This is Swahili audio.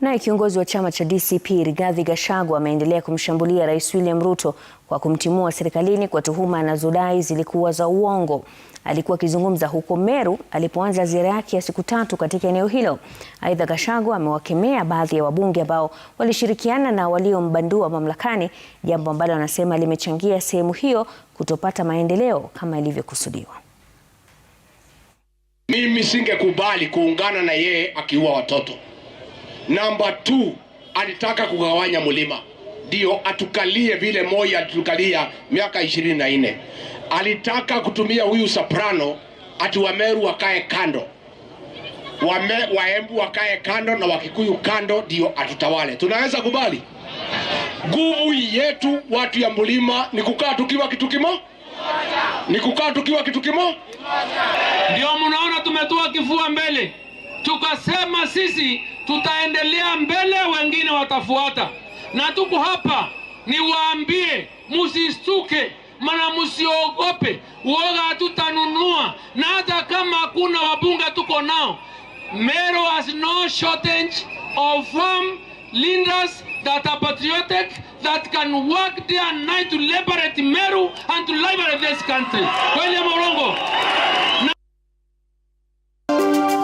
Naye kiongozi wa chama cha DCP Rigathi Gachagua ameendelea kumshambulia Rais William Ruto kwa kumtimua serikalini kwa tuhuma anazodai zilikuwa za uongo. Alikuwa akizungumza huko Meru alipoanza ziara yake ya siku tatu katika eneo hilo. Aidha, Gachagua amewakemea baadhi ya wabunge ambao walishirikiana na waliombandua mamlakani, jambo ambalo anasema limechangia sehemu hiyo kutopata maendeleo kama ilivyokusudiwa. Mimi singekubali kuungana na yeye akiua watoto. Namba 2 alitaka kugawanya mulima, ndio atukalie vile Moi alitukalia miaka ishirini na nne. Alitaka kutumia huyu Soprano ati Wameru wakae kando Wame, Waembu wakae kando na Wakikuyu kando, ndio atutawale. Tunaweza kubali? Nguvu yetu watu ya mlima ni kukaa tukiwa kitu kimo, ni kukaa tukiwa kitu kimo, Ndio mnaona tumetoa kifua mbele tukasema sisi tutaendelea mbele, wengine watafuata. Na tuko hapa niwaambie, musistuke mana musiogope, woga hatutanunua. Na hata kama hakuna wabunge tuko nao, Meru has no shortage of firm leaders that are patriotic that can work day and night to liberate Meru and to liberate this country. William Orongo.